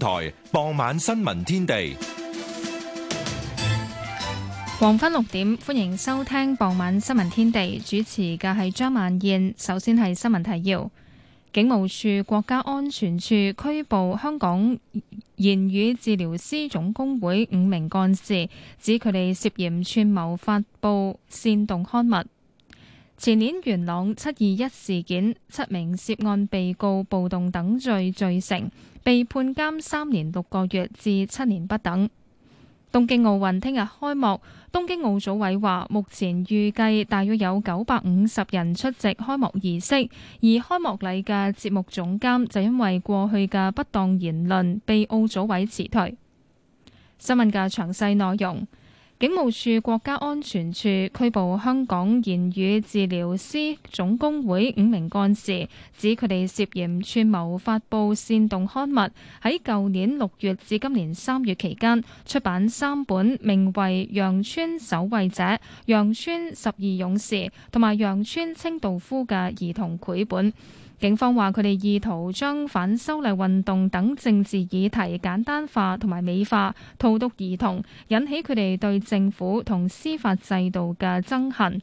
台傍晚新聞天地，黃昏六點，歡迎收聽傍晚新聞天地。主持嘅係張曼燕。首先係新聞提要：警務處國家安全處拘捕香港言語治療師總工會五名幹事，指佢哋涉嫌串謀發佈煽動刊物。前年元朗七二一事件，七名涉案被告暴動等罪罪成，被判監三年六個月至七年不等。東京奧運聽日開幕，東京奧組委話目前預計大約有九百五十人出席開幕儀式，而開幕禮嘅節目總監就因為過去嘅不當言論被奧組委辭退。新聞嘅詳細內容。警務處國家安全處拘捕香港言語治療師總工會五名幹事，指佢哋涉嫌串謀發佈煽動刊物。喺舊年六月至今年三月期間，出版三本名為《羊村守衛者》、《羊村十二勇士》同埋《羊村清道夫》嘅兒童繪本。警方話：佢哋意圖將反修例運動等政治議題簡單化同埋美化，荼毒兒童，引起佢哋對政府同司法制度嘅憎恨。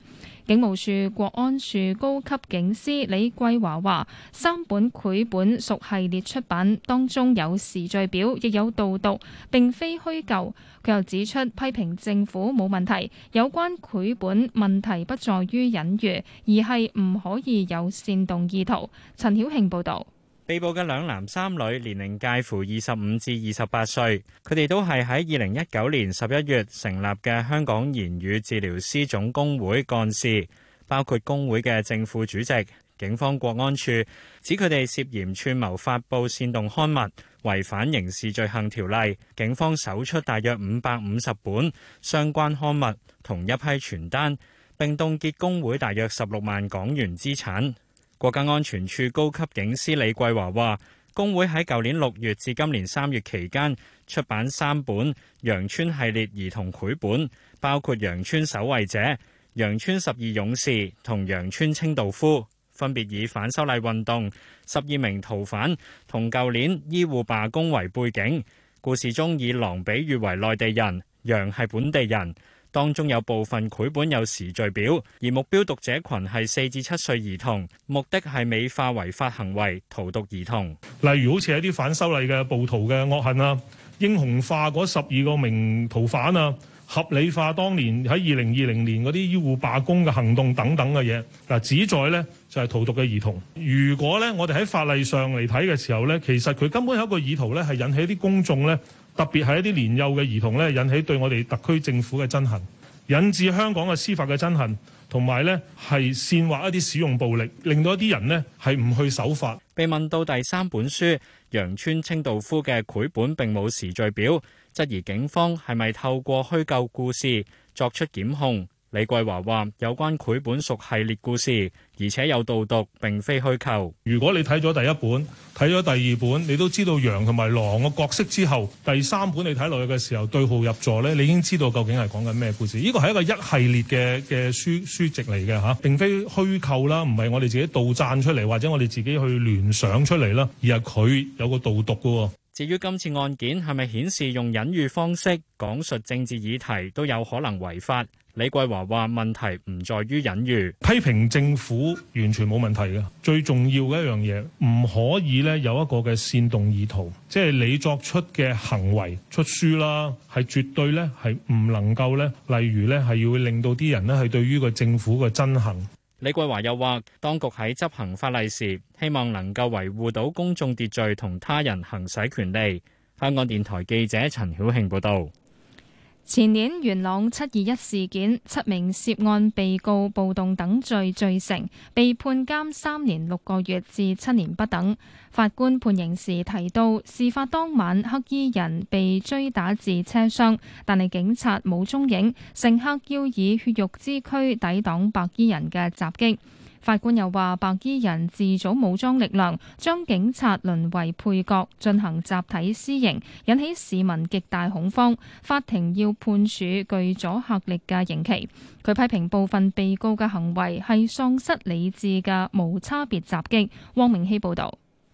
警務處國安處高級警司李桂華話：三本繪本屬系列出版，當中有時序表，亦有導讀，並非虛構。佢又指出，批評政府冇問題，有關繪本問題不在於隱喻，而係唔可以有煽動意圖。陳曉慶報道。被捕嘅兩男三女年齡介乎二十五至二十八歲，佢哋都係喺二零一九年十一月成立嘅香港言語治療師總工會幹事，包括工會嘅正副主席。警方國安處指佢哋涉嫌串謀發布煽動刊物，違反刑事罪行條例。警方搜出大約五百五十本相關刊物同一批傳單，並凍結工會大約十六萬港元資產。國家安全處高級警司李桂華話：工會喺舊年六月至今年三月期間出版三本羊村系列兒童繪本，包括《羊村守衛者》、《羊村十二勇士》同《羊村清道夫》，分別以反修例運動、十二名逃犯同舊年醫護罷工為背景。故事中以狼比喻為內地人，羊係本地人。當中有部分繪本有時序表，而目標讀者群係四至七歲兒童，目的係美化違法行為、荼毒兒童。例如好似一啲反修例嘅暴徒嘅惡行啊，英雄化嗰十二個名逃犯啊，合理化當年喺二零二零年嗰啲醫護罷工嘅行動等等嘅嘢。嗱，旨在呢就係荼毒嘅兒童。如果呢，我哋喺法例上嚟睇嘅時候呢，其實佢根本有一個意圖呢，係引起啲公眾呢。特別係一啲年幼嘅兒童咧，引起對我哋特區政府嘅憎恨，引致香港嘅司法嘅憎恨，同埋咧係煽惑一啲使用暴力，令到一啲人咧係唔去守法。被問到第三本書羊村清道夫嘅繪本並冇時序表，質疑警方係咪透過虛構故事作出檢控？李桂華話：有關繪本屬系列故事，而且有導讀，並非虛構。如果你睇咗第一本，睇咗第二本，你都知道羊同埋狼嘅角色之後，第三本你睇落去嘅時候對號入座咧，你已經知道究竟係講緊咩故事。呢個係一個一系列嘅嘅書書籍嚟嘅吓，並非虛構啦，唔係我哋自己杜撰出嚟，或者我哋自己去聯想出嚟啦，而係佢有個導讀嘅。至於今次案件係咪顯示用隱喻方式講述政治議題都有可能違法？李桂華話：問題唔在於隱喻，批評政府完全冇問題嘅。最重要嘅一樣嘢唔可以咧有一個嘅煽動意圖，即係你作出嘅行為出書啦，係絕對咧係唔能夠咧，例如咧係要令到啲人咧係對於個政府個憎恨。李桂華又話，當局喺執行法例時，希望能夠維護到公眾秩序同他人行使權利。香港電台記者陳曉慶報導。前年元朗七二一事件，七名涉案被告暴動等罪罪成，被判監三年六個月至七年不等。法官判刑時提到，事發當晚黑衣人被追打至車廂，但係警察冇蹤影，乘客要以血肉之軀抵擋白衣人嘅襲擊。法官又話：白衣人自組武裝力量，將警察淪為配角，進行集體私刑，引起市民極大恐慌。法庭要判處具阻嚇力嘅刑期。佢批評部分被告嘅行為係喪失理智嘅無差別襲擊。汪明熙報導。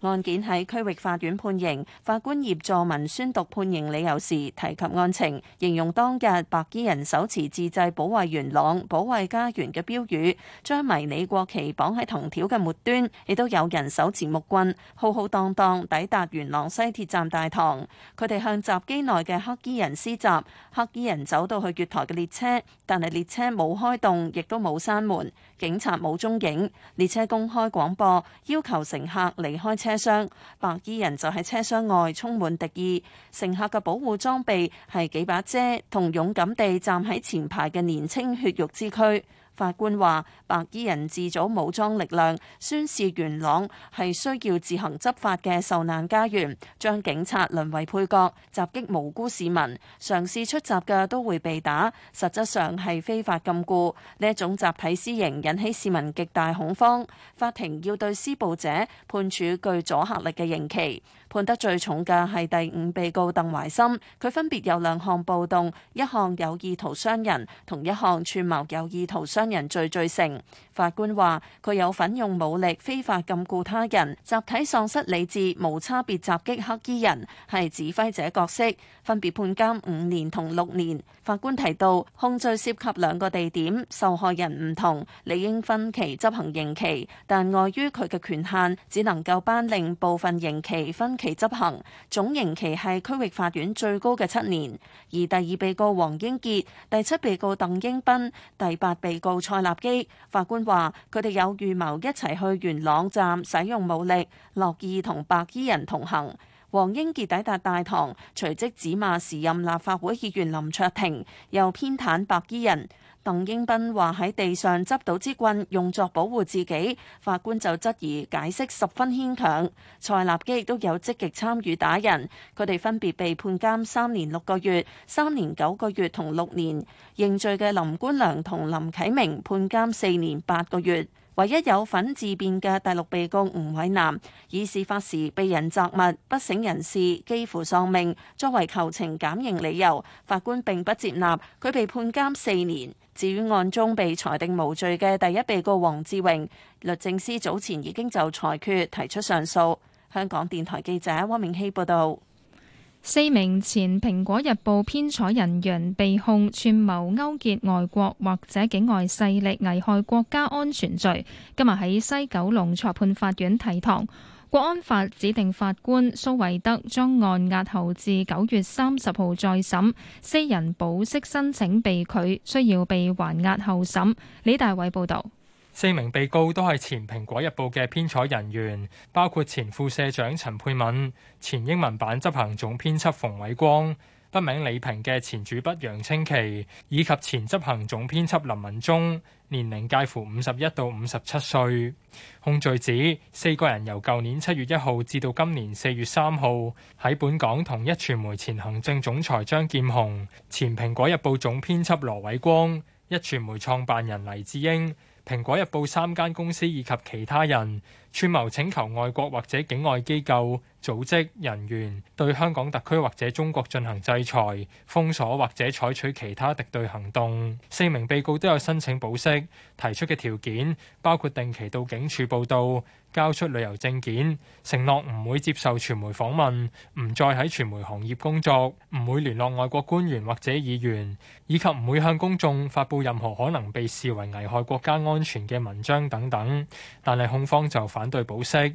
案件喺區域法院判刑，法官葉助文宣讀判刑理由時提及案情，形容當日白衣人手持自製保衞元朗、保衞家園嘅標語，將迷你國旗綁喺銅條嘅末端，亦都有人手持木棍，浩浩蕩蕩，蕩，蕩抵達元朗西鐵站大堂。佢哋向閘機內嘅黑衣人施襲，黑衣人走到去月台嘅列車，但係列車冇開動，亦都冇閂門。警察冇蹤影，列車公開廣播要求乘客離開車廂，白衣人就喺車廂外充滿敵意。乘客嘅保護裝備係幾把遮，同勇敢地站喺前排嘅年青血肉之軀。法官話：白衣人自組武裝力量，宣示元朗係需要自行執法嘅受難家園，將警察淪為配角，襲擊無辜市民，嘗試出閘嘅都會被打，實質上係非法禁錮。呢一種集體私刑，引起市民極大恐慌。法庭要對施暴者判處具阻嚇力嘅刑期。判得最重嘅係第五被告鄧懷森，佢分別有兩項暴動，一項有意圖傷人，同一項串謀有意圖傷人罪罪成。法官話，佢有份用武力非法禁錮他人，集體喪失理智，無差別襲擊黑衣人，係指揮者角色，分別判監五年同六年。法官提到控罪涉及兩個地點受害人唔同，理應分期執行刑期，但礙於佢嘅權限，只能夠頒令部分刑期分。其執行總刑期係區域法院最高嘅七年，而第二被告黃英傑、第七被告鄧英斌、第八被告蔡立基，法官話佢哋有預謀一齊去元朗站使用武力，樂意同白衣人同行。黃英傑抵達大堂，隨即指罵時任立法會議員林卓廷，又偏袒白衣人。鄧英斌話喺地上執到支棍用作保護自己，法官就質疑解釋十分牽強。蔡立基亦都有積極參與打人，佢哋分別被判監三年六個月、三年九個月同六年。認罪嘅林冠良同林啟明判監四年八個月。唯一有份自辯嘅第六被告吳偉南，以事發時被人責物不省人事幾乎喪命作為求情減刑理由，法官並不接納，佢被判監四年。至於案中被裁定無罪嘅第一被告黃志榮，律政司早前已經就裁決提出上訴，香港電台記者汪銘希報道。四名前《蘋果日報》編採人員被控串謀勾結外國或者境外勢力危害國家安全罪，今日喺西九龍裁判法院提堂。國安法指定法官蘇慧德將案押後至九月三十號再審，四人保釋申請被拒，需要被還押候審，李大偉報道。四名被告都係前《蘋果日報》嘅編採人員，包括前副社長陳佩敏、前英文版執行總編輯馮偉光、筆名李平嘅前主筆楊清奇，以及前執行總編輯林文忠，年齡介乎五十一到五十七歲。控罪指四個人由舊年七月一號至到今年四月三號喺本港同一傳媒前行政總裁張劍虹、前《蘋果日報》總編輯羅偉光、一傳媒創辦人黎智英。《蘋果日報》三間公司以及其他人，串謀請求外國或者境外機構、組織人員對香港特區或者中國進行制裁、封鎖或者採取其他敵對行動。四名被告都有申請保釋，提出嘅條件包括定期到警署報到、交出旅遊證件、承諾唔會接受傳媒訪問、唔再喺傳媒行業工作、唔會聯絡外國官員或者議員，以及唔會向公眾發布任何可能被視為危害國家安全嘅文章等等。但係控方就反反對保釋，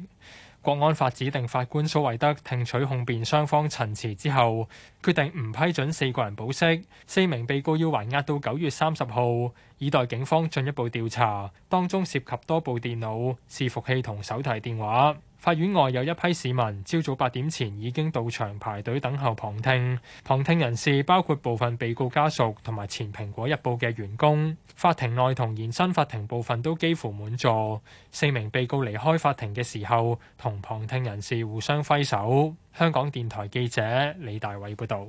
國安法指定法官蘇惠德聽取控辯雙方陳詞之後，決定唔批准四個人保釋，四名被告要還押到九月三十號，以待警方進一步調查，當中涉及多部電腦、伺服器同手提電話。法院外有一批市民，朝早八點前已經到場排隊等候旁聽。旁聽人士包括部分被告家屬同埋前蘋果日報嘅員工。法庭內同延伸法庭部分都幾乎滿座。四名被告離開法庭嘅時候，同旁聽人士互相揮手。香港電台記者李大偉報導。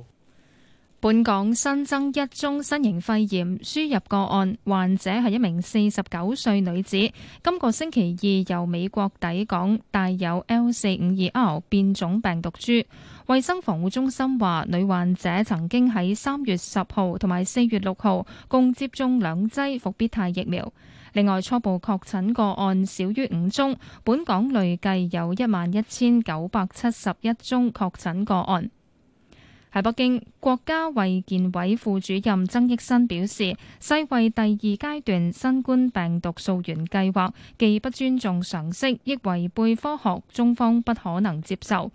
本港新增一宗新型肺炎輸入個案，患者係一名四十九歲女子，今個星期二由美國抵港，帶有 L 四五二 R 變種病毒株。衛生防護中心話，女患者曾經喺三月十號同埋四月六號共接種兩劑復必泰疫苗。另外，初步確診個案少於五宗，本港累計有一萬一千九百七十一宗確診個案。喺北京，國家衛健委副主任曾益新表示，世衛第二階段新冠病毒溯源計劃既不尊重常識，亦違背科學，中方不可能接受。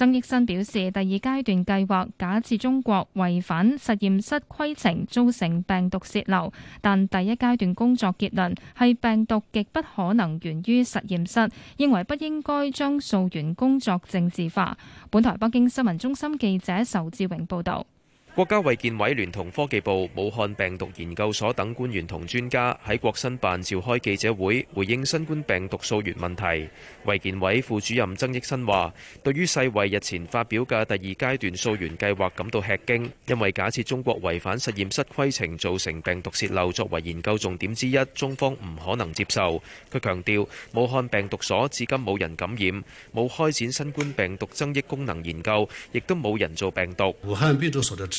曾益新表示，第二階段計劃假設中國違反實驗室規程造成病毒洩漏，但第一階段工作結論係病毒極不可能源於實驗室，認為不應該將溯源工作政治化。本台北京新聞中心記者仇志榮報道。國家衛健委聯同科技部、武漢病毒研究所等官員同專家喺國新辦召開記者會，回應新冠病毒溯源問題。衛健委副主任曾益新話，對於世衛日前發表嘅第二階段溯源計劃感到吃驚，因為假設中國違反實驗室規程造成病毒洩漏作為研究重點之一，中方唔可能接受。佢強調，武漢病毒所至今冇人感染，冇開展新冠病毒增益功能研究，亦都冇人造病毒。武漢病毒所的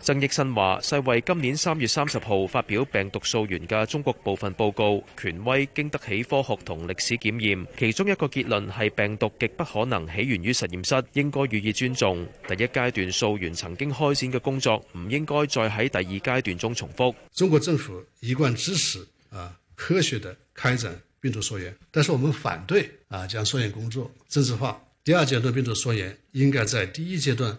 曾益新話世衛今年三月三十號發表病毒溯源嘅中國部分報告，權威經得起科學同歷史檢驗，其中一個結論係病毒極不可能起源於實驗室，應該予以尊重。第一階段溯源曾經開展嘅工作，唔應該再喺第二階段中重複，中國政府一貫支持啊科學的開展病毒溯源，但是我們反對啊將溯源工作政治化。第二階段病毒溯源應該在第一階段。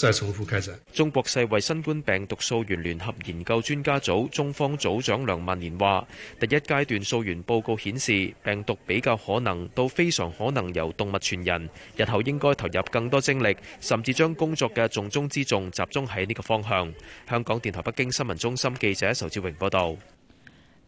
真重複開展。中國世衛新冠病毒溯源聯合研究專家組中方組長梁萬年話：第一階段溯源報告顯示，病毒比較可能到非常可能由動物傳人。日後應該投入更多精力，甚至將工作嘅重中之重集中喺呢個方向。香港電台北京新聞中心記者仇志榮報道。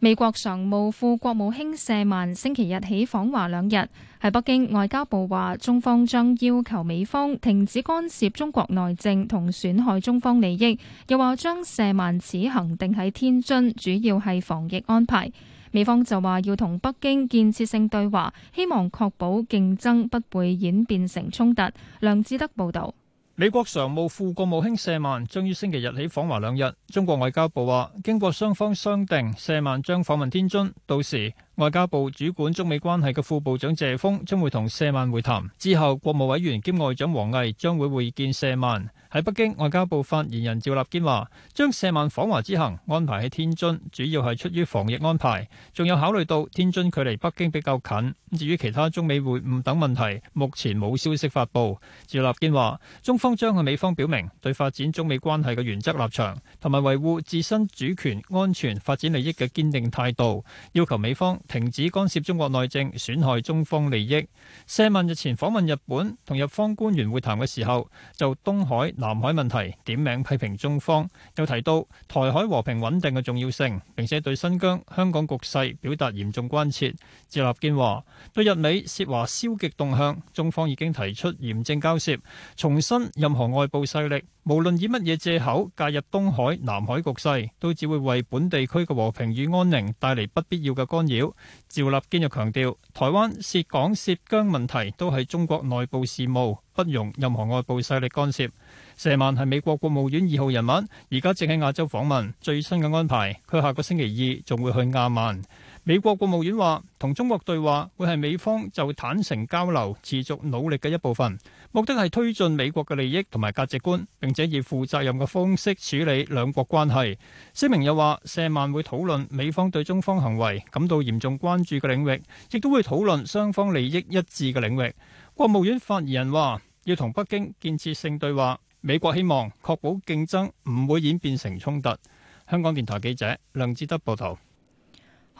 美國常務副國務卿舍曼星期日起訪華兩日。喺北京外交部話，中方將要求美方停止干涉中國內政同損害中方利益，又話將舍曼此行定喺天津，主要係防疫安排。美方就話要同北京建設性對話，希望確保競爭不會演變成衝突。梁志德報道。美國常務副國務卿舍曼將於星期日起訪華兩日。中國外交部話，經過雙方商定，舍曼將訪問天津，到時。外交部主管中美關係嘅副部長謝鋒將會同舍曼會談，之後國務委員兼外長王毅將會會見舍曼。喺北京，外交部發言人趙立堅話，將舍曼訪華之行安排喺天津，主要係出於防疫安排，仲有考慮到天津距離北京比較近。至於其他中美會晤等問題，目前冇消息發布。趙立堅話，中方將向美方表明對發展中美關係嘅原則立場，同埋維護自身主權、安全、發展利益嘅堅定態度，要求美方。停止干涉中國內政、損害中方利益。舍曼日前訪問日本，同日方官員會談嘅時候，就東海、南海問題點名批評中方，又提到台海和平穩定嘅重要性，並且對新疆、香港局勢表達嚴重關切。趙立堅話：對日美涉華消極動向，中方已經提出嚴正交涉，重申任何外部勢力，無論以乜嘢藉口介入東海、南海局勢，都只會為本地區嘅和平與安寧帶嚟不必要嘅干擾。趙立堅又強調，台灣涉港涉疆問題都係中國內部事務，不容任何外部勢力干涉。舍曼係美國國務院二號人物，而家正喺亞洲訪問，最新嘅安排，佢下個星期二仲會去亞曼。美國國務院話，同中國對話會係美方就坦誠交流、持續努力嘅一部分，目的係推進美國嘅利益同埋價值觀，並且以負責任嘅方式處理兩國關係。聲明又話，舍曼會討論美方對中方行為感到嚴重關注嘅領域，亦都會討論雙方利益一致嘅領域。國務院發言人話，要同北京建設性對話，美國希望確保競爭唔會演變成衝突。香港電台記者梁志德報道。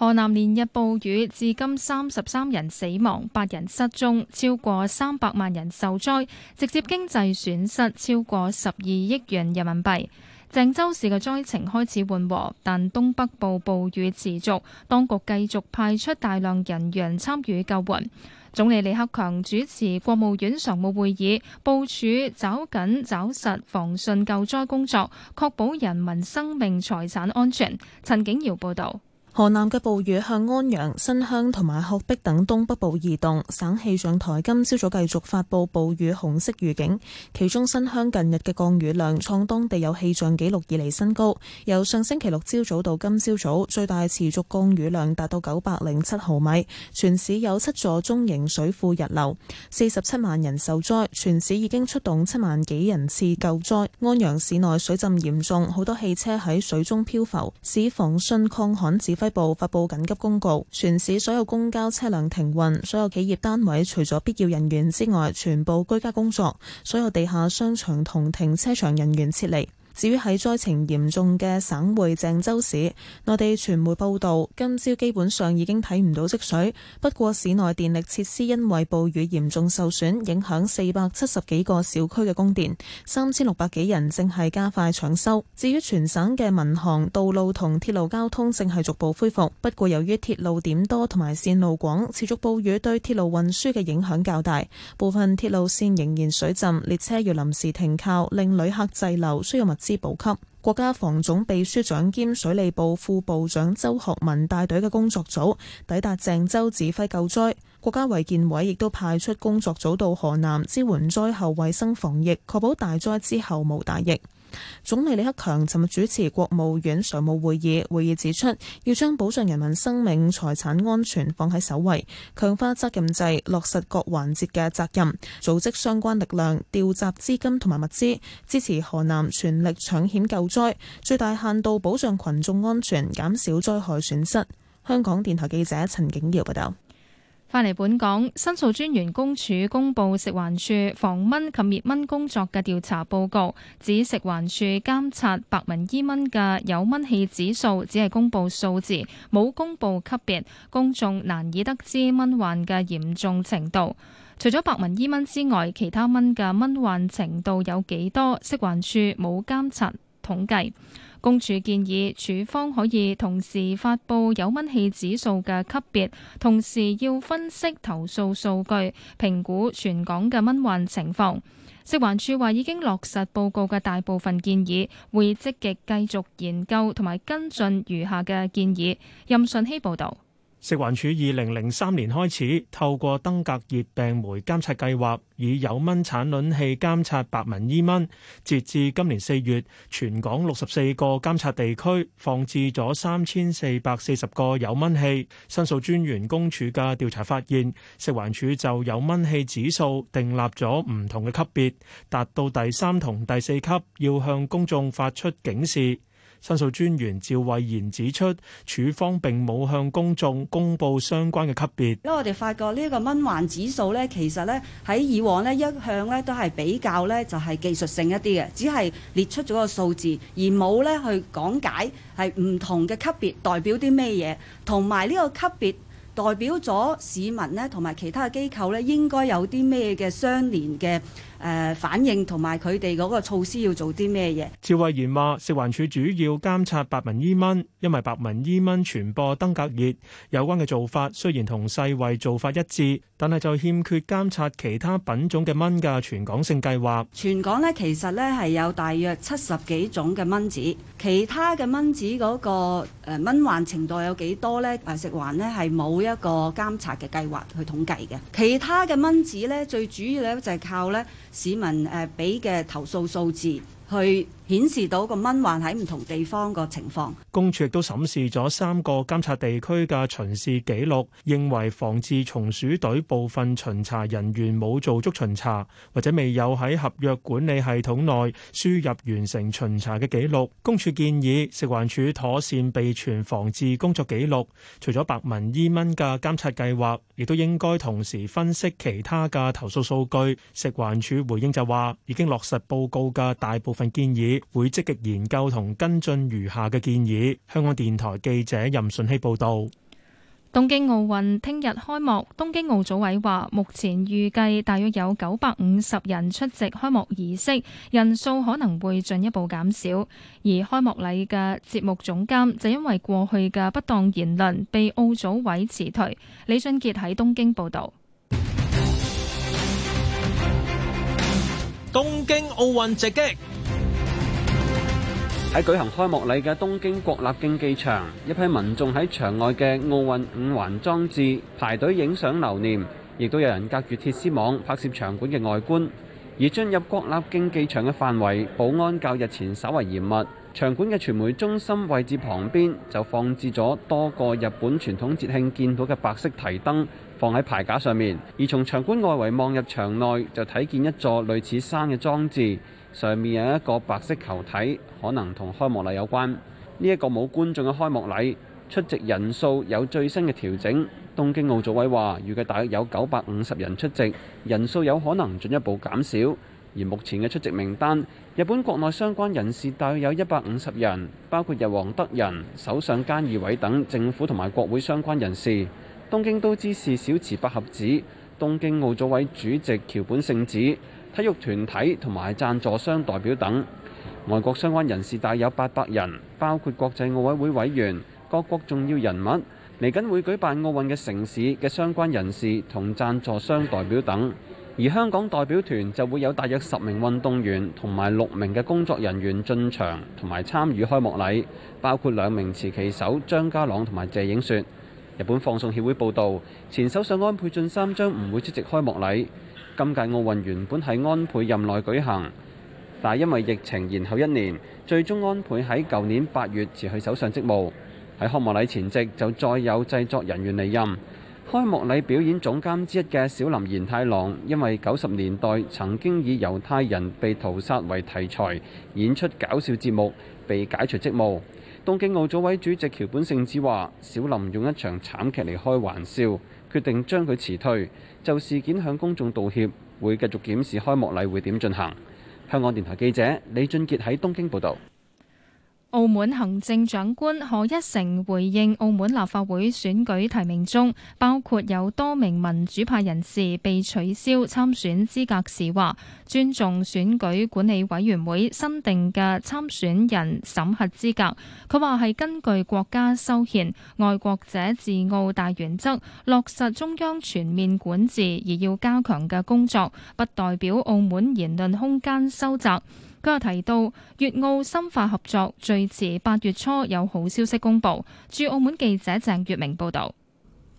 河南連日暴雨，至今三十三人死亡，八人失蹤，超過三百萬人受災，直接經濟損失超過十二億元人民幣。鄭州市嘅災情開始緩和，但東北部暴雨持續，當局繼續派出大量人員參與救援。總理李克強主持國務院常務會議，部署抓緊抓實防汛救災工作，確保人民生命財產安全。陳景堯報道。河南嘅暴雨向安陽、新鄉同埋鶴壁等東北部移動，省氣象台今朝早，早繼續發布暴雨紅色預警。其中新鄉近日嘅降雨量創當地有氣象記錄以嚟新高，由上星期六朝早，早到今朝早，早，最大持續降雨量達到九百零七毫米，全市有七座中型水庫溢流，四十七萬人受災，全市已經出動七萬幾人次救災，安陽市內水浸嚴重，好多汽車喺水中漂浮，市防汛抗旱指該部發佈緊急公告，全市所有公交車輛停運，所有企業單位除咗必要人員之外，全部居家工作，所有地下商場同停車場人員撤離。至於喺災情嚴重嘅省會鄭州市，內地傳媒報道，今朝基本上已經睇唔到積水。不過市內電力設施因為暴雨嚴重受損，影響四百七十幾個小區嘅供電，三千六百幾人正係加快搶修。至於全省嘅民航、道路同鐵路交通正係逐步恢復。不過由於鐵路點多同埋線路廣，持續暴雨對鐵路運輸嘅影響較大，部分鐵路線仍然水浸，列車要臨時停靠，令旅客滯留，需要物。支援級，國家防總秘書長兼水利部副部長周學文帶隊嘅工作組抵達鄭州指揮救災，國家衛健委亦都派出工作組到河南支援災後衛生防疫，確保大災之後無大疫。總理李克強尋日主持國務院常務會議，會議指出，要將保障人民生命財產安全放喺首位，強化責任制，落實各環節嘅責任，組織相關力量，調集資金同埋物資，支持河南全力搶險救災，最大限度保障群眾安全，減少災害損失。香港電台記者陳景堯報道。返嚟本港，申訴專員公署公佈食環署防蚊及滅蚊工作嘅調查報告，指食環署監察白紋伊蚊嘅有蚊氣指數，只係公佈數字，冇公佈級別，公眾難以得知蚊患嘅嚴重程度。除咗白紋伊蚊之外，其他蚊嘅蚊患程度有幾多？食環署冇監察。統計公署建議，處方可以同時發佈有蚊氣指數嘅級別，同時要分析投訴數據，評估全港嘅蚊患情況。食環署話已經落實報告嘅大部分建議，會積極繼續研究同埋跟進餘下嘅建議。任信希報導。食環署二零零三年開始透過登革熱病媒監測計劃，以有蚊產卵器監測白紋伊蚊，截至今年四月，全港64個監測地區放置咗三千四百四十個有蚊器。申訴專員公署嘅調查發現，食環署就有蚊器指數訂立咗唔同嘅級別，達到第三同第四級，要向公眾發出警示。申訴專員趙慧賢指出，處方並冇向公眾公布相關嘅級別。因為我哋發覺呢個蚊患指數咧，其實咧喺以往咧一向咧都係比較咧就係技術性一啲嘅，只係列出咗個數字，而冇咧去講解係唔同嘅級別代表啲咩嘢，同埋呢個級別。代表咗市民呢同埋其他嘅機構呢應該有啲咩嘅相連嘅誒反應同埋佢哋嗰個措施要做啲咩嘢？趙慧然話食環署主要監察白紋伊蚊，因為白紋伊蚊傳播登革熱有關嘅做法，雖然同世衛做法一致，但係就欠缺監察其他品種嘅蚊嘅全港性計劃。全港呢其實呢係有大約七十幾種嘅蚊子，其他嘅蚊子嗰個誒蚊患程度有幾多呢，誒食環呢係冇。一個監察嘅計劃去統計嘅，其他嘅蚊子咧，最主要咧就係靠咧市民誒俾嘅投訴數字去顯示到個蚊患喺唔同地方個情況。公署亦都審視咗三個監察地區嘅巡視記錄，認為防治蟲鼠隊部分巡查人員冇做足巡查，或者未有喺合約管理系統內輸入完成巡查嘅記錄。公署建議食環署妥善備存防治工作記錄，除咗白紋伊蚊嘅監察計劃，亦都應該同時分析其他嘅投訴數據。食環署回應就話，已經落實報告嘅大部分建議。會積極研究同跟進餘下嘅建議。香港電台記者任順熙報道：東京奧運聽日開幕，東京奧組委話目前預計大約有九百五十人出席開幕儀式，人數可能會進一步減少。而開幕禮嘅節目總監就因為過去嘅不當言論被奧組委辭退。李俊杰喺東京報道：東京奧運直擊。喺舉行開幕禮嘅東京國立競技場，一批民眾喺場外嘅奧運五環裝置排隊影相留念，亦都有人隔住鐵絲網拍攝場館嘅外觀。而進入國立競技場嘅範圍，保安較日前稍為嚴密。場館嘅傳媒中心位置旁邊就放置咗多個日本傳統節慶見到嘅白色提燈，放喺牌架上面。而從場館外圍望入場內，就睇見一座類似山嘅裝置。上面有一個白色球體，可能同開幕禮有關。呢一個冇觀眾嘅開幕禮，出席人數有最新嘅調整。東京奧組委話預計大約有九百五十人出席，人數有可能進一步減少。而目前嘅出席名單，日本國內相關人士大約有一百五十人，包括日皇德仁、首相菅義偉等政府同埋國會相關人士。東京都知事小池百合子、東京奧組委主席橋本聖子，體育團體同埋贊助商代表等，外國相關人士大約有八百人，包括國際奧委會委員、各國重要人物、嚟緊會舉辦奧運嘅城市嘅相關人士同贊助商代表等。而香港代表團就會有大約十名運動員同埋六名嘅工作人員進場同埋參與開幕禮，包括兩名持旗手張家朗同埋謝影雪。日本放送協會報道，前首相安倍晉三將唔會出席開幕禮。今屆奧運原本喺安倍任內舉行，但係因為疫情延後一年，最終安倍喺舊年八月辭去首相職務。喺開幕禮前夕就再有製作人員離任，開幕禮表演總監之一嘅小林賢太郎，因為九十年代曾經以猶太人被屠殺為題材演出搞笑節目，被解除職務。東京奧組委主席橋本聖子話：小林用一場慘劇嚟開玩笑。決定將佢辭退，就事件向公眾道歉，會繼續檢視開幕禮會點進行。香港電台記者李俊傑喺東京報導。澳門行政長官賀一誠回應澳門立法會選舉提名中，包括有多名民主派人士被取消參選資格時話，話尊重選舉管理委員會新定嘅參選人審核資格。佢話係根據國家修憲、愛國者治澳大原則，落實中央全面管治而要加強嘅工作，不代表澳門言論空間收窄。佢又提到，粵澳深化合作，最遲八月初有好消息公布。駐澳門記者鄭月明報道。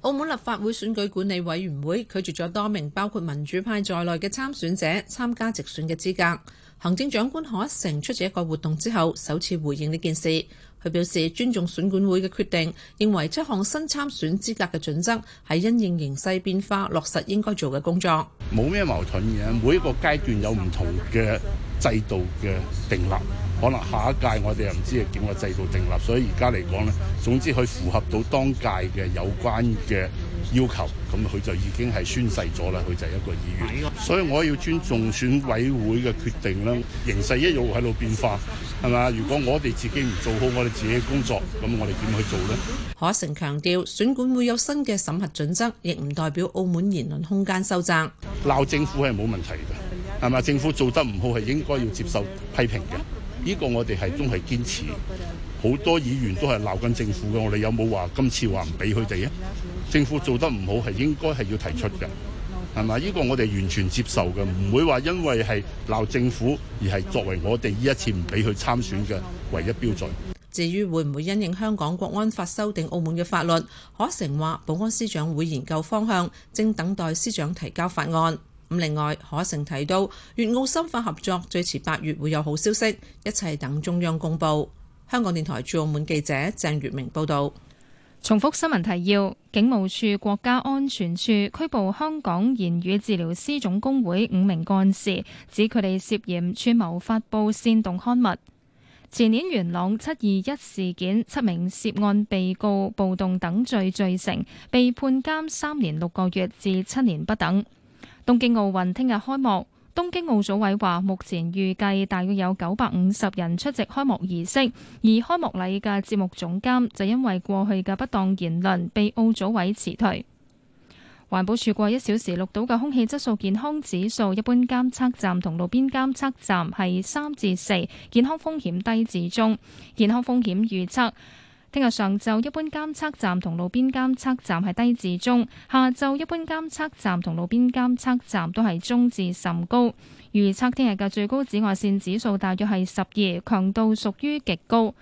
澳門立法會選舉管理委員會拒絕咗多名包括民主派在內嘅參選者參加直選嘅資格。行政長官賀一誠出席一個活動之後，首次回應呢件事。佢表示尊重選管會嘅決定，認為七項新參選資格嘅準則，係因應形勢變化，落實應該做嘅工作。冇咩矛盾嘅，每一個階段有唔同嘅制度嘅定立，可能下一屆我哋又唔知係點個制度定立，所以而家嚟講咧，總之佢符合到當屆嘅有關嘅。要求咁佢就已經係宣誓咗啦，佢就係一個議員，所以我要尊重選委會嘅決定啦。形勢一路喺度變化，係嘛？如果我哋自己唔做好我哋自己嘅工作，咁我哋點去做呢？可誠強調，選管會有新嘅審核準則，亦唔代表澳門言論空間收窄。鬧政府係冇問題㗎，係嘛？政府做得唔好係應該要接受批評嘅，呢個我哋係都係堅持。好多議員都係鬧緊政府嘅，我哋有冇話今次話唔俾佢哋啊？政府做得唔好係應該係要提出嘅，係嘛？呢個我哋完全接受嘅，唔會話因為係鬧政府而係作為我哋呢一次唔俾佢參選嘅唯一標準。至於會唔會因應香港國安法修訂澳門嘅法律，可成話保安司長會研究方向，正等待司長提交法案。咁另外，可成提到粵澳深化合作，最遲八月會有好消息，一切等中央公佈。香港電台駐澳門記者鄭月明報道：重複新聞提要，警務處國家安全處拘捕香港言語治療師總工會五名幹事，指佢哋涉嫌串謀發佈煽動刊物。前年元朗七二一事件，七名涉案被告暴動等罪罪成，被判監三年六個月至七年不等。東京奧運聽日開幕。東京奧組委話，目前預計大約有九百五十人出席開幕儀式，而開幕禮嘅節目總監就因為過去嘅不當言論被奧組委辭退。環保署過一小時錄到嘅空氣質素健康指數，一般監測站同路邊監測站係三至四，健康風險低至中。健康風險預測。聽日上晝一般監測站同路邊監測站係低至中，下晝一般監測站同路邊監測站都係中至甚高。預測聽日嘅最高紫外線指數大約係十二，強度屬於極高。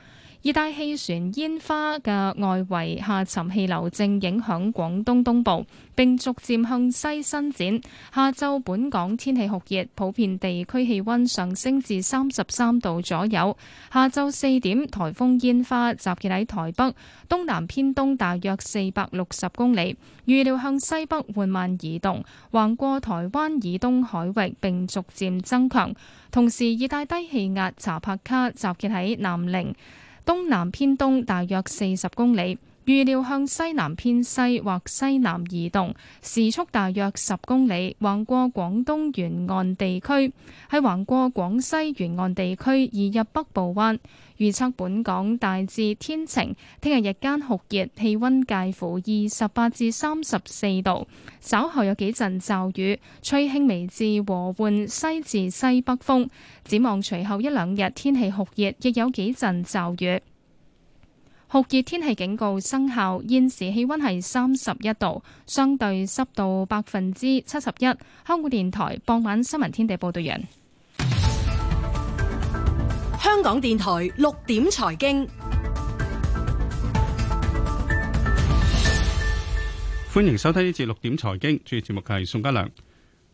熱帶氣旋煙花嘅外圍下沉氣流正影響廣東東部，並逐漸向西伸展。下晝本港天氣酷熱，普遍地區氣温上升至三十三度左右。下晝四點，颱風煙花集結喺台北東南偏東大約四百六十公里，預料向西北緩慢移動，橫過台灣以東海域並逐漸增強。同時，熱帶低氣壓查帕卡集結喺南寧。東南偏東，大約四十公里，預料向西南偏西或西南移動，時速大約十公里，橫過廣東沿岸地區，喺橫過廣西沿岸地區，移入北部灣。預測本港大致天晴，聽日日間酷熱，氣溫介乎二十八至三十四度，稍後有幾陣驟雨，吹輕微至和緩西至西北風。展望隨後一兩日天氣酷熱，亦有幾陣驟雨。酷熱天氣警告生效，現時氣溫係三十一度，相對濕度百分之七十一。香港電台傍晚新聞天地報道人。香港電台六點財經，歡迎收聽呢節六點財經。主持節目嘅係宋家良。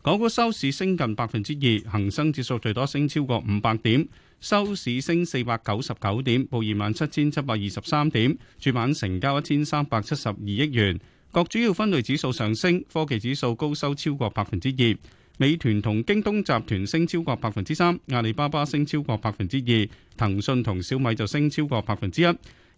港股收市升近百分之二，恒生指數最多升超過五百點，收市升四百九十九點，報二萬七千七百二十三點。主板成交一千三百七十二億元，各主要分類指數上升，科技指數高收超過百分之二。美團同京東集團升超過百分之三，阿里巴巴升超過百分之二，騰訊同小米就升超過百分之一。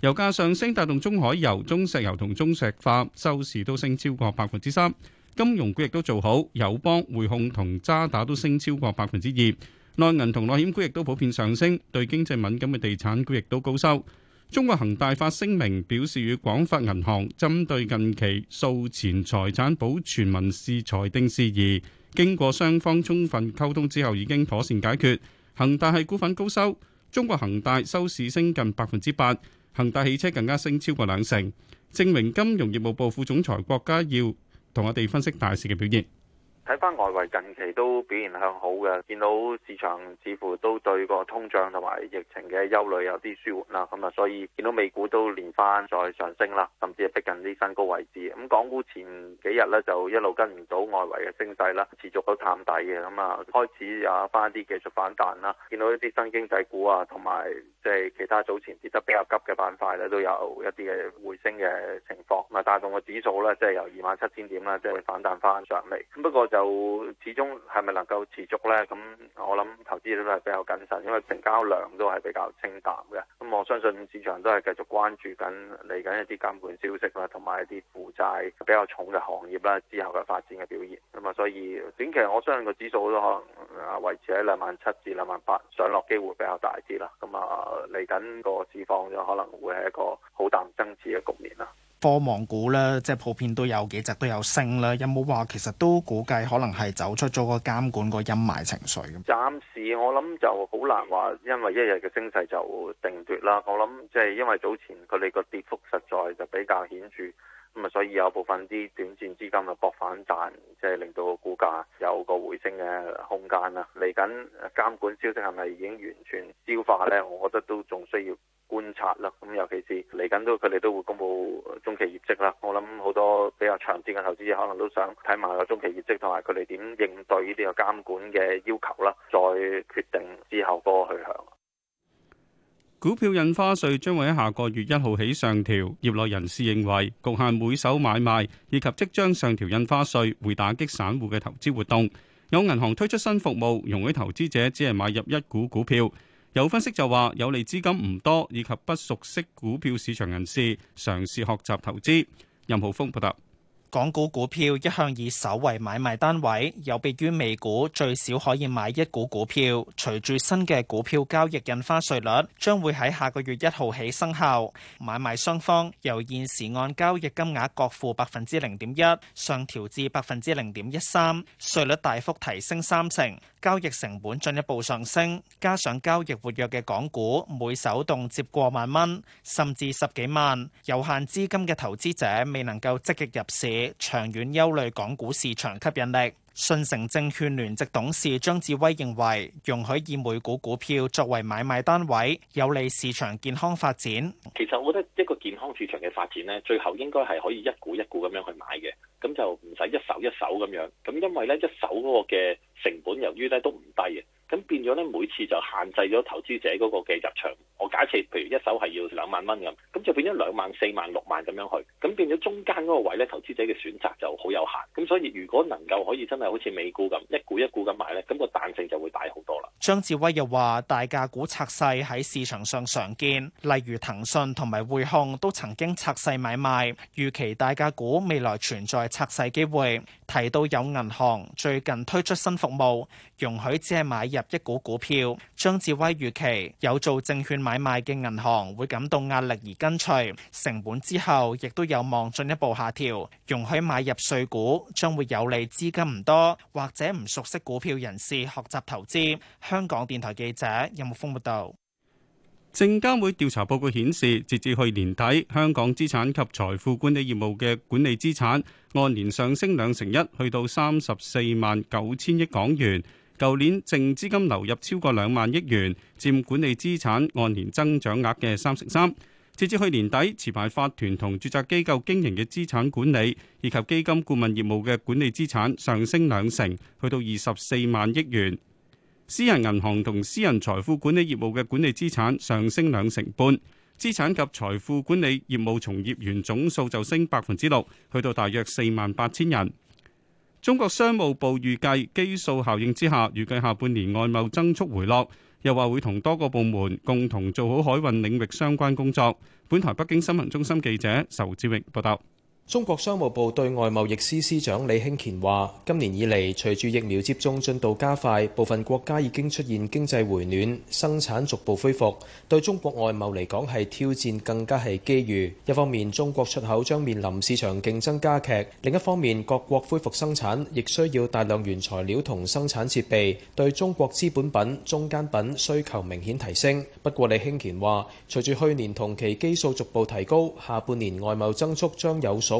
油加上升帶動中海油、中石油同中石化收市都升超過百分之三。金融股亦都做好，友邦、匯控同渣打都升超過百分之二。內銀同內險股亦都普遍上升，對經濟敏感嘅地產股亦都高收。中國恒大發聲明表示，與廣發銀行針對近期訴前財產保全民事裁定事宜。經過雙方充分溝通之後，已經妥善解決。恒大系股份高收，中國恒大收市升近百分之八，恒大汽車更加升超過兩成。證明金融業務部副總裁郭家耀同我哋分析大市嘅表現。睇翻外圍近期都表現向好嘅，見到市場似乎都對個通脹同埋疫情嘅憂慮有啲舒緩啦。咁啊，所以見到美股都連翻再上升啦，甚至係逼近啲新高位置。咁港股前幾日咧就一路跟唔到外圍嘅升勢啦，持續都探底嘅。咁啊，開始有翻啲技術反彈啦。見到一啲新經濟股啊，同埋即係其他早前跌得比較急嘅板塊咧，都有一啲嘅回升嘅情況。咁啊，帶動個指數咧，即係由二萬七千點啦，即係反彈翻上嚟。咁不過就～就始終係咪能夠持續呢？咁我諗投資都係比較謹慎，因為成交量都係比較清淡嘅。咁我相信市場都係繼續關注緊嚟緊一啲監管消息啦，同埋一啲負債比較重嘅行業啦，之後嘅發展嘅表現。咁啊，所以短期我相信個指數都可能維持喺兩萬七至兩萬八上落機會比較大啲啦。咁啊，嚟緊個市況就可能會係一個好淡增持嘅局面啦。科網股咧，即係普遍都有幾隻都有升啦。有冇話其實都估計可能係走出咗個監管個陰霾情緒？暫時我諗就好難話，因為一日嘅升勢就定奪啦。我諗即係因為早前佢哋個跌幅實在就比較顯著，咁啊所以有部分啲短線資金嘅搏反彈，即係令到個股價有個回升嘅空間啦。嚟緊監管消息係咪已經完全消化呢？我覺得都仲需要。觀察啦，咁尤其是嚟緊都佢哋都會公布中期業績啦。我諗好多比較長線嘅投資者可能都想睇埋個中期業績同埋佢哋點應對呢啲嘅監管嘅要求啦，再決定之後嗰個去向。股票印花稅將會喺下個月一號起上調，業內人士認為，局限每手買賣以及即將上調印花稅會打擊散戶嘅投資活動。有銀行推出新服務，容許投資者只係買入一股股票。有分析就話，有利資金唔多，以及不熟悉股票市場人士嘗試學習投資。任浩峰報道，港股股票一向以手為買賣單位，有別於美股最少可以買一股股票。隨住新嘅股票交易印花稅率將會喺下個月一號起生效，買賣雙方由現時按交易金額各付百分之零點一，上調至百分之零點一三，稅率大幅提升三成。交易成本進一步上升，加上交易活躍嘅港股每手動接過萬蚊，甚至十幾萬，有限資金嘅投資者未能夠積極入市，長遠憂慮港股市場吸引力。信誠證券聯席董事張志威認為容許以每股股票作為買賣單位，有利市場健康發展。其實，我覺得一個健康市場嘅發展咧，最後應該，係可以一股一股咁樣去買嘅。咁就唔使一手一手咁樣，咁因為咧一手嗰個嘅成本，由於咧都唔低嘅，咁變咗咧每次就限制咗投資者嗰個嘅入場。我假設譬如一手係要兩萬蚊咁，咁就變咗兩萬、四萬、六萬咁樣去，咁變咗中間嗰個位咧，投資者嘅選擇就好有限。咁所以如果能夠可以真係好似美股咁一股一股咁買咧，咁個彈性就會大好多啦。張智威又話：大價股拆細喺市場上常見，例如騰訊同埋匯控都曾經拆細買賣，預期大價股未來存在。拆細機會，提到有銀行最近推出新服務，容許只係買入一股股票。張志威預期有做證券買賣嘅銀行會感到壓力而跟隨，成本之後亦都有望進一步下調，容許買入稅股，將會有利資金唔多或者唔熟悉股票人士學習投資。香港電台記者任木峰報道。有證監會調查報告顯示，截至去年底，香港資產及財富管理業務嘅管理資產按年上升兩成一，去到三十四萬九千億港元。舊年淨資金流入超過兩萬億元，佔管理資產按年增長額嘅三成三。截至去年底，持牌法團同註冊機構經營嘅資產管理以及基金顧問業務嘅管理資產上升兩成，去到二十四萬億元。私人銀行同私人財富管理業務嘅管理資產上升兩成半，資產及財富管理業務從業員總數就升百分之六，去到大約四萬八千人。中國商務部預計基數效應之下，預計下半年外貿增速回落，又話會同多個部門共同做好海運領域相關工作。本台北京新聞中心記者仇志榮報道。中國商務部對外貿易司司長李興乾話，今年以嚟，隨住疫苗接種進度加快，部分國家已經出現經濟回暖，生產逐步恢復，對中國外貿嚟講係挑戰，更加係機遇。一方面中國出口將面臨市場競爭加劇，另一方面各國恢復生產亦需要大量原材料同生產設備，對中國資本品中間品需求明顯提升。不過李興乾話，隨住去年同期基數逐步提高，下半年外貿增速將有所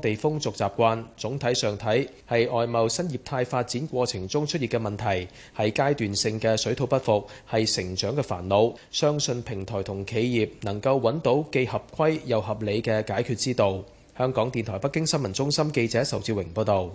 地風俗習慣，總體上睇係外貿新業態發展過程中出現嘅問題，係階段性嘅水土不服，係成長嘅煩惱。相信平台同企業能夠揾到既合規又合理嘅解決之道。香港電台北京新聞中心記者仇志榮報導。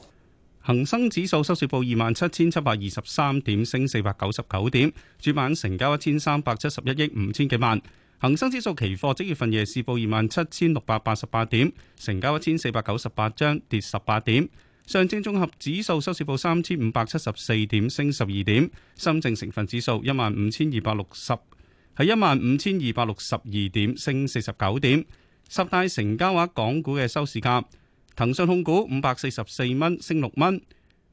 恒生指數收市報二萬七千七百二十三點，升四百九十九點，主板成交一千三百七十一億五千幾萬。恒生指數期貨即月份夜市報二萬七千六百八十八點，成交一千四百九十八張，跌十八點。上證綜合指數收市報三千五百七十四點，升十二點。深證成分指數一萬五千二百六十，係一萬五千二百六十二點，升四十九點。十大成交額港股嘅收市價，騰訊控股五百四十四蚊，升六蚊。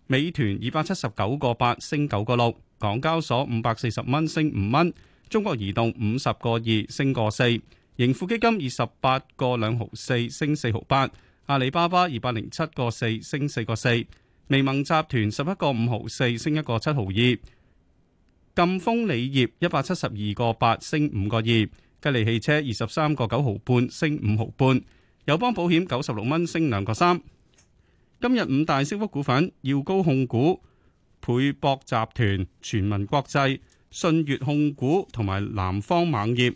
美團二百七十九個八，升九個六。港交所五百四十蚊，升五蚊。中國移動五十個二升個四，盈富基金二十八個兩毫四升四毫八，阿里巴巴二百零七個四升四個四，微盟集團十一個五毫四升一個七毫二，贛鋒鋰業一百七十二個八升五個二，吉利汽車二十三個九毫半升五毫半，友邦保險九十六蚊升兩個三。今日五大升幅股份：耀高控股、倍博集團、全民國際。信越控股同埋南方猛業。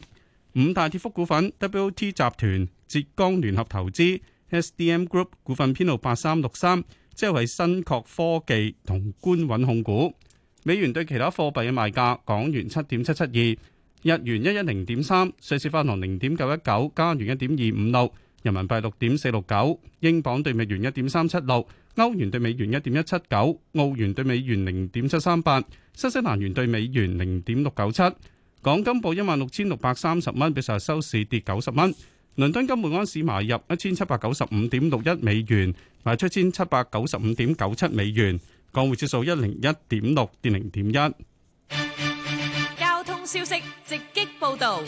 五大跌幅股份，WT 集團、浙江聯合投資、SDM Group 股份編號八三六三，之後係新確科技同官穩控股。美元對其他貨幣嘅賣價：港元七點七七二，日元一一零點三，瑞士法郎零點九一九，加元一點二五六，人民幣六點四六九，英鎊兌美元一點三七六。歐元對美元一點一七九，澳元對美元零點七三八，新西蘭元對美元零點六九七。港金報一萬六千六百三十蚊，比上日收市跌九十蚊。倫敦金每安士買入一千七百九十五點六一美元，賣出千七百九十五點九七美元，港匯指數一零一點六，跌零點一。交通消息，直擊報道。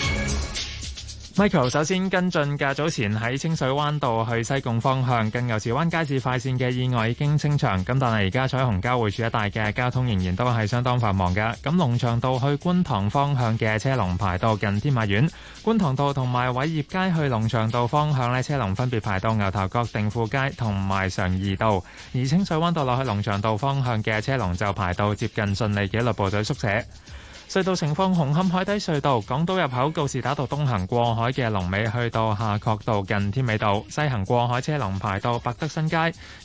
Michael 首先跟進嘅早前喺清水灣道去西貢方向、近牛池灣街市快線嘅意外已經清場，咁但係而家彩虹交匯處一帶嘅交通仍然都係相當繁忙嘅。咁龍翔道去觀塘方向嘅車龍排到近天馬苑、觀塘道同埋偉業街去龍翔道方向呢，車龍分別排到牛頭角定富街同埋常怡道。而清水灣道落去龍翔道方向嘅車龍就排到接近順利紀律部隊宿舍。隧道情況：紅磡海底隧道港島入口告士打道東行過海嘅龍尾去到下角道近天美道；西行過海車龍排到百德新街。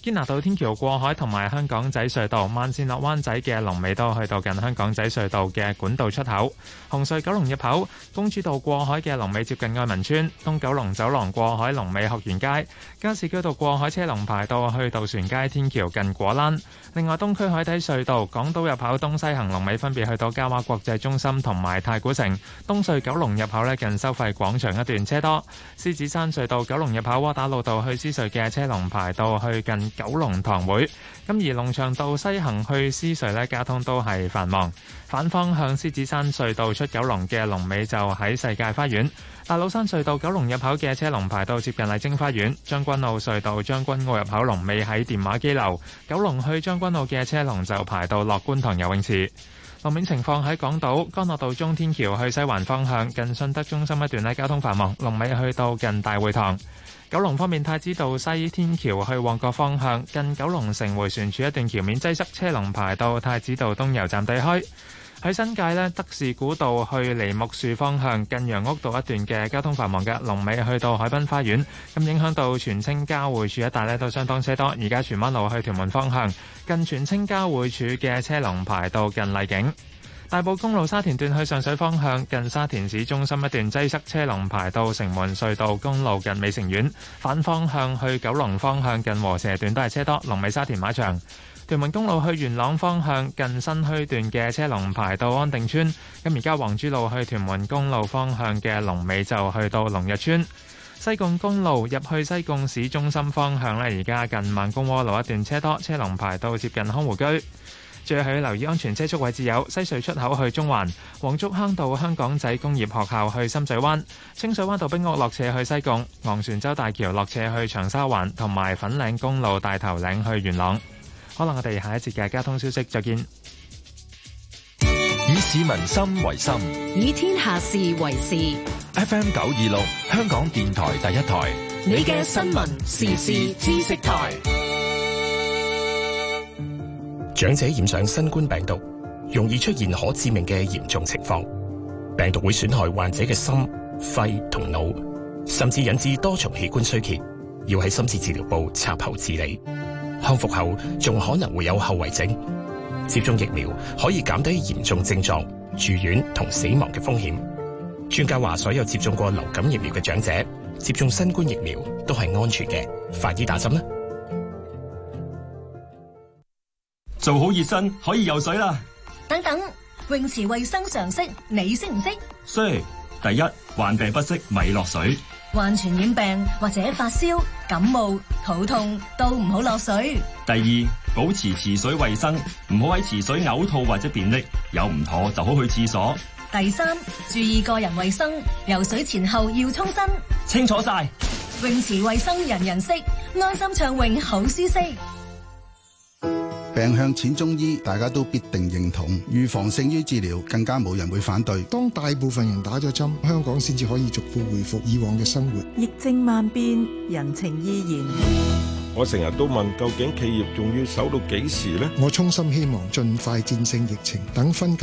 堅拿道天橋過海同埋香港仔隧道慢線落灣仔嘅龍尾都去到近香港仔隧道嘅管道出口。紅隧九龍入口公主道過海嘅龍尾接近愛民村；東九龍走廊過海龍尾學園街。加士居道過海車龍排到去渡船街天橋近果欄。另外，東區海底隧道港島入口東西行龍尾分別去到嘉華國際中心同埋太古城東隧九龍入口咧近收費廣場一段車多，獅子山隧道九龍入口窩打老道去獅隧嘅車龍排到去近九龍塘會，咁而龍翔道西行去獅隧咧交通都係繁忙，反方向獅子山隧道出九龍嘅龍尾就喺世界花園，大老山隧道九龍入口嘅車龍排到接近麗晶花園，將軍澳隧道將軍澳入口龍尾喺電話機樓，九龍去將軍澳嘅車龍就排到落觀塘游泳池。路面情況喺港島干諾道中天橋去西環方向，近信德中心一段咧交通繁忙，龍尾去到近大會堂。九龍方面，太子道西天橋去旺角方向，近九龍城迴旋處一段橋面擠塞，車龍排到太子道東油站地區。喺新界呢，德士古道去梨木樹方向近楊屋道一段嘅交通繁忙嘅，龍尾去到海濱花園，咁影響到荃青交匯處一帶呢都相當車多。而家荃灣路去屯門方向近荃青交匯處嘅車龍排到近麗景。大埔公路沙田段去上水方向近沙田市中心一段擠塞車，車龍排到城門隧道公路近美城苑，反方向去九龍方向近禾輋段都係車多，龍尾沙田馬場。屯門公路去元朗方向，近新墟段嘅車龍排到安定村。咁而家黃珠路去屯門公路方向嘅龍尾就去到龍日村。西貢公路入去西貢市中心方向咧，而家近萬公窩路一段車多，車龍排到接近康湖居。注意留意安全車速位置，有西隧出口去中環、黃竹坑道香港仔工業學校去深水灣、清水灣道冰屋落斜去西貢、昂船洲大橋落斜去長沙灣，同埋粉嶺公路大頭嶺去元朗。好啦，可能我哋下一節嘅交通消息，再見。以市民心為心，以天下事為事。FM 九二六，香港電台第一台。你嘅新聞時事知識台。長者染上新冠病毒，容易出現可致命嘅嚴重情況。病毒會損害患者嘅心、肺同腦，甚至引致多重器官衰竭，要喺深切治療部插喉治理。康復後仲可能會有後遺症，接種疫苗可以減低嚴重症狀、住院同死亡嘅風險。專家話，所有接種過流感疫苗嘅長者接種新冠疫苗都係安全嘅。快啲打針啦！做好熱身可以游水啦！等等，泳池衛生常識你識唔識？識！第一，患病不適咪落水。患傳染病或者發燒、感冒、肚痛都唔好落水。第二，保持池水衛生，唔好喺池水嘔吐或者便溺，有唔妥就好去廁所。第三，注意個人衛生，游水前後要沖身。清楚晒泳池衛生，人人識安心暢泳，好舒適。病向淺中醫，大家都必定認同，預防勝於治療，更加冇人會反對。當大部分人打咗針，香港先至可以逐步回復以往嘅生活。疫症萬變，人情依然。我成日都問，究竟企業仲要守到幾時呢？我衷心希望盡快戰勝疫情，等分隔。